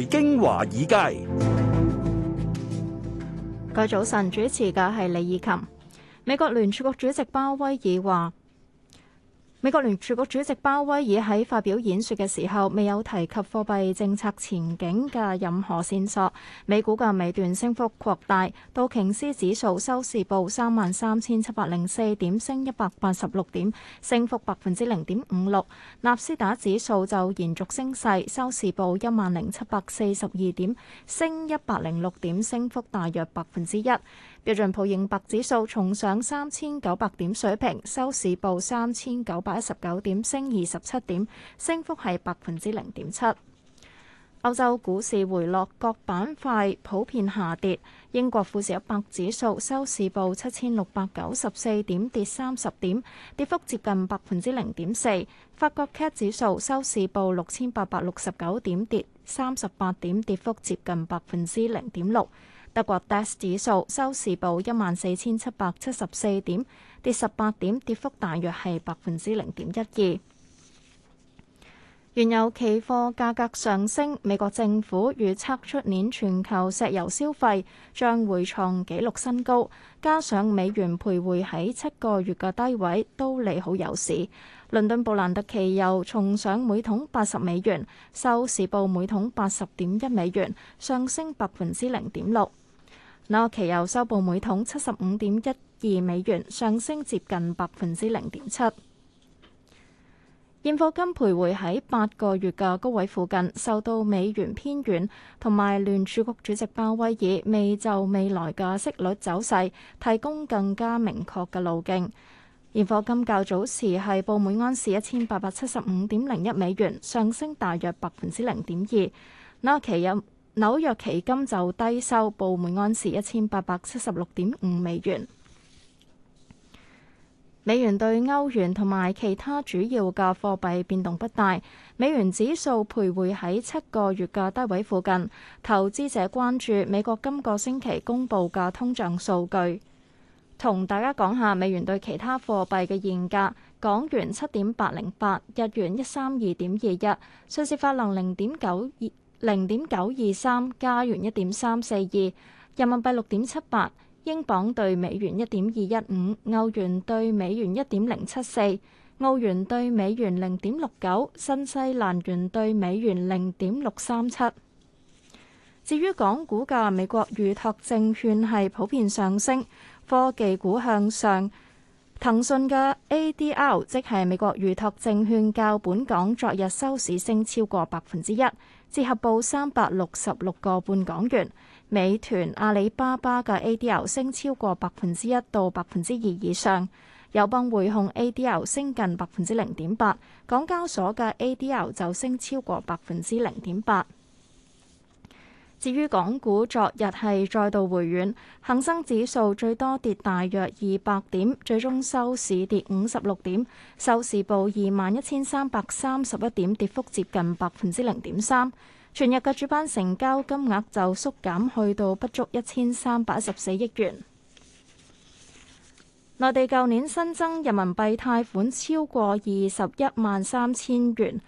《財經華爾街》。各位早晨，主持嘅係李綺琴。美國聯儲局主席鮑威爾話。美國聯儲局主席鮑威爾喺發表演說嘅時候，未有提及貨幣政策前景嘅任何線索。美股嘅尾段升幅擴大，道瓊斯指數收市報三萬三千七百零四點，升一百八十六點，升幅百分之零點五六。納斯達指數就延續升勢，收市報一萬零七百四十二點，升一百零六點，升幅大約百分之一。標準普爾五百指數重上三千九百點水平，收市報三千九百一十九點，升二十七點，升幅係百分之零點七。歐洲股市回落，各板塊普遍下跌。英國富時一百指數收市報七千六百九十四點，跌三十點，跌幅接近百分之零點四。法國 CAC 指數收市報六千八百六十九點，跌三十八點，跌幅接近百分之零點六。德國 DAX 指數收市報一萬四千七百七十四點，跌十八點，跌幅大約係百分之零點一二。原油期貨價格上升，美國政府預測出年全球石油消費將會創紀錄新高，加上美元徘徊喺七個月嘅低位，都利好油市。倫敦布蘭特期油重上每桶八十美元，收市報每桶八十點一美元，上升百分之零點六。納期油收報每桶七十五點一二美元，上升接近百分之零點七。現貨金徘徊喺八個月嘅高位附近，受到美元偏軟同埋聯儲局主席鮑威爾未就未來嘅息率走勢提供更加明確嘅路徑。現貨金較早時係報每安士一千八百七十五點零一美元，上升大約百分之零點二。納期油紐約期金就低收報每安士一千八百七十六點五美元。美元對歐元同埋其他主要嘅貨幣變動不大，美元指數徘徊喺七個月嘅低位附近。投資者關注美國今個星期公布嘅通脹數據。同大家講下美元對其他貨幣嘅現價：港元七點八零八，日元一三二點二一，瑞士法郎零點九二。零點九二三加元，一點三四二人民幣，六點七八，英鎊對美元一點二一五，歐元對美元一點零七四，澳元對美元零點六九，新西蘭元對美元零點六三七。至於港股嘅美國預託證券係普遍上升，科技股向上。騰訊嘅 A D R 即係美國預託證券，較本港昨日收市升超過百分之一，折合報三百六十六個半港元。美團、阿里巴巴嘅 A D R 升超過百分之一到百分之二以上，友邦匯控 A D R 升近百分之零點八，港交所嘅 A D R 就升超過百分之零點八。至於港股昨日係再度回軟，恒生指數最多跌大約二百點，最終收市跌五十六點，收市報二萬一千三百三十一點，跌幅接近百分之零點三。全日嘅主板成交金額就縮減去到不足一千三百一十四億元。內地舊年新增人民幣貸款超過二十一萬三千元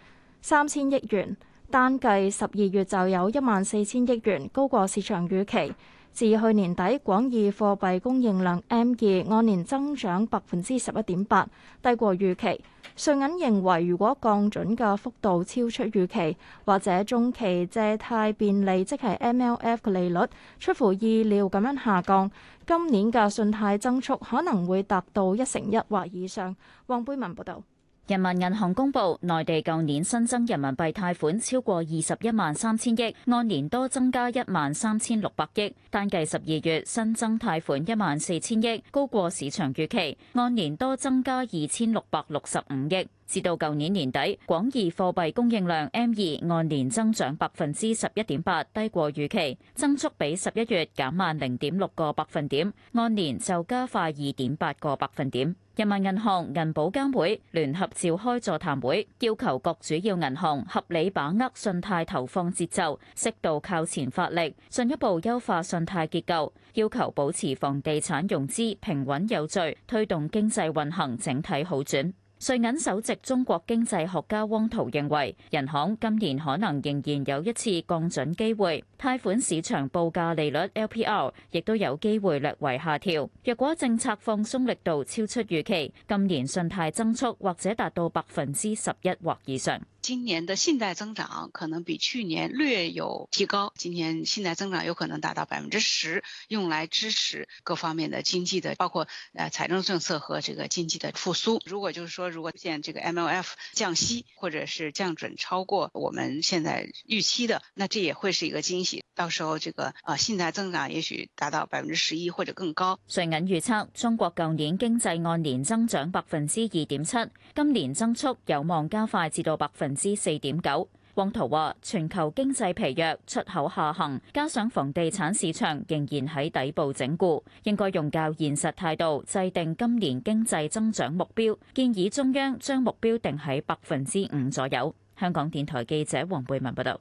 三千億元。單計十二月就有一萬四千億元，高過市場預期。至去年底，廣義貨幣供應量 M2 按年增長百分之十一點八，低過預期。瑞銀認為，如果降準嘅幅度超出預期，或者中期借貸便利即係 MLF 利率出乎意料咁樣下降，今年嘅信貸增速可能會達到一成一或以上。黃貝文報道。人民銀行公布，內地舊年新增人民幣貸款超過二十一萬三千億，按年多增加一萬三千六百億。單計十二月新增貸款一萬四千億，高過市場預期，按年多增加二千六百六十五億。至到舊年年底，廣義貨幣供應量 M2 按年增長百分之十一點八，低過預期，增速比十一月減慢零點六個百分點，按年就加快二點八個百分點。人民銀行、銀保監會聯合召開座談會，要求各主要銀行合理把握信貸投放節奏，適度靠前發力，進一步優化信貸結構，要求保持房地產融資平穩有序，推動經濟運行整體好轉。瑞銀首席中國經濟學家汪濤認為，銀行今年可能仍然有一次降準機會。貸款市場報價利率 LPR 亦都有機會略為下調。若果政策放鬆力度超出預期，今年信貸增速或者達到百分之十一或以上。今年的信貸增長可能比去年略有提高，今年信貸增長有可能達到百分之十，用來支持各方面的經濟的，包括呃、財政政策和這個經濟的復蘇。如果就是說如果現這個 MLF 降息或者是降準超過我們現在預期的，那這也會是一個驚喜。到時候這個啊，信貸增長也許達到百分之十一或者更高。瑞銀預測中國舊年經濟按年增長百分之二點七，今年增速有望加快至到百分之四點九。汪濤話：全球經濟疲弱，出口下行，加上房地產市場仍然喺底部整固，應該用較現實態度制定今年經濟增長目標。建議中央將目標定喺百分之五左右。香港電台記者黃貝文報道。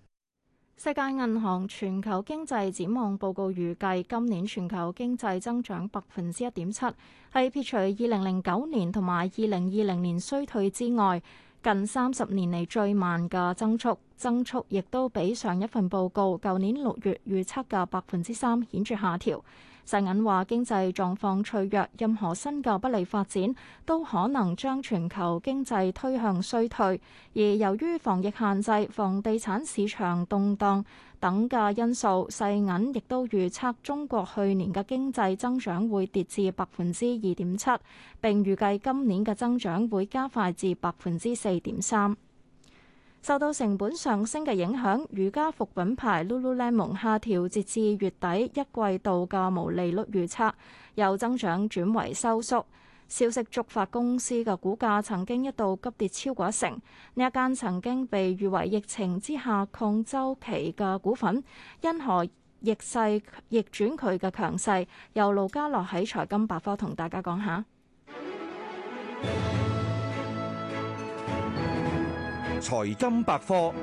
世界銀行全球經濟展望報告預計，今年全球經濟增長百分之一點七，係撇除二零零九年同埋二零二零年衰退之外，近三十年嚟最慢嘅增速。增速亦都比上一份報告，舊年六月預測嘅百分之三顯著下調。世銀話經濟狀況脆弱，任何新嘅不利發展都可能將全球經濟推向衰退。而由於防疫限制、房地產市場動蕩等嘅因素，世銀亦都預測中國去年嘅經濟增長會跌至百分之二點七，並預計今年嘅增長會加快至百分之四點三。受到成本上升嘅影響，瑜伽服品牌 Lululemon 下調截至月底一季度嘅毛利率預測，由增長轉為收縮。消息觸發公司嘅股價曾經一度急跌超過一成。呢一間曾經被譽為疫情之下抗周期嘅股份，因何逆勢逆轉佢嘅強勢，由盧家樂喺財金百科同大家講下。 財金百科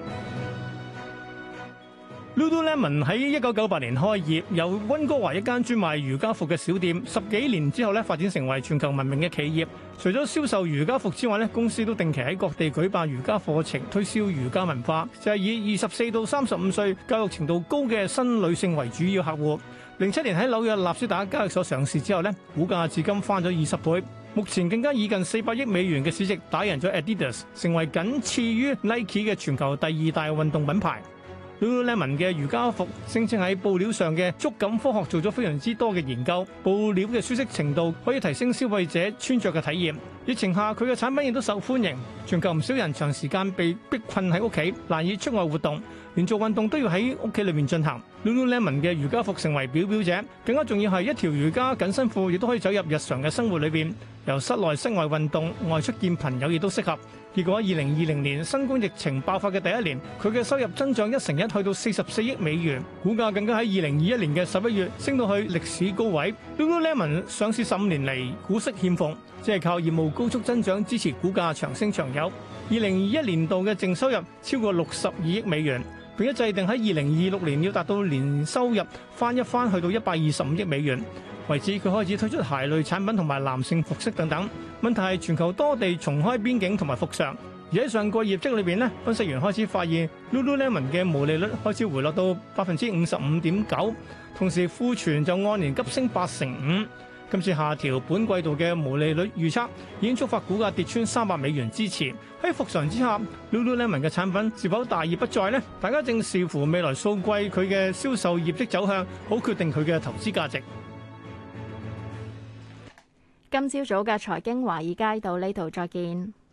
Lululemon 喺一九九八年開業，由溫哥華一間專賣瑜伽服嘅小店，十幾年之後咧發展成為全球聞名嘅企業。除咗銷售瑜伽服之外咧，公司都定期喺各地舉辦瑜伽課程，推銷瑜伽文化，就係、是、以二十四到三十五歲、教育程度高嘅新女性為主要客戶。零七年喺紐約納斯達交易所上市之後咧，股價至今翻咗二十倍。目前更加以近四百億美元嘅市值打贏咗 Adidas，成為僅次於 Nike 嘅全球第二大運動品牌。Lululemon 嘅瑜伽服，聲稱喺布料上嘅觸感科學做咗非常之多嘅研究，布料嘅舒適程度可以提升消費者穿着嘅體驗。疫情下佢嘅產品亦都受歡迎，全球唔少人長時間被逼困喺屋企，難以出外活動。連做運動都要喺屋企裏面進行，Lululemon 嘅瑜伽服成為表表者。更加重要係一條瑜伽緊身褲，亦都可以走入日常嘅生活裏邊，由室內室外運動，外出見朋友亦都適合。結果二零二零年新冠疫情爆發嘅第一年，佢嘅收入增長一成一，去到四十四億美元，股價更加喺二零二一年嘅十一月升到去歷史高位。Lululemon 上市十五年嚟股息欠奉，即係靠業務高速增長支持股價長升長有。二零二一年度嘅淨收入超過六十二億美元。佢一制定喺二零二六年要達到年收入翻一番，去到一百二十五億美元。為此，佢開始推出鞋類產品同埋男性服飾等等。問題係全球多地重開邊境同埋復常，而喺上季業績裏邊咧，分析員開始發現 Lululemon 嘅毛利率開始回落到百分之五十五點九，同時庫存就按年急升八成五。今次下調本季度嘅毛利率預測，已經觸發股價跌穿三百美元支持。喺複常之下，Lululemon 嘅產品是否大義不在呢？大家正視乎未來數季佢嘅銷售業績走向，好決定佢嘅投資價值。今朝早嘅財經華爾街到呢度再見。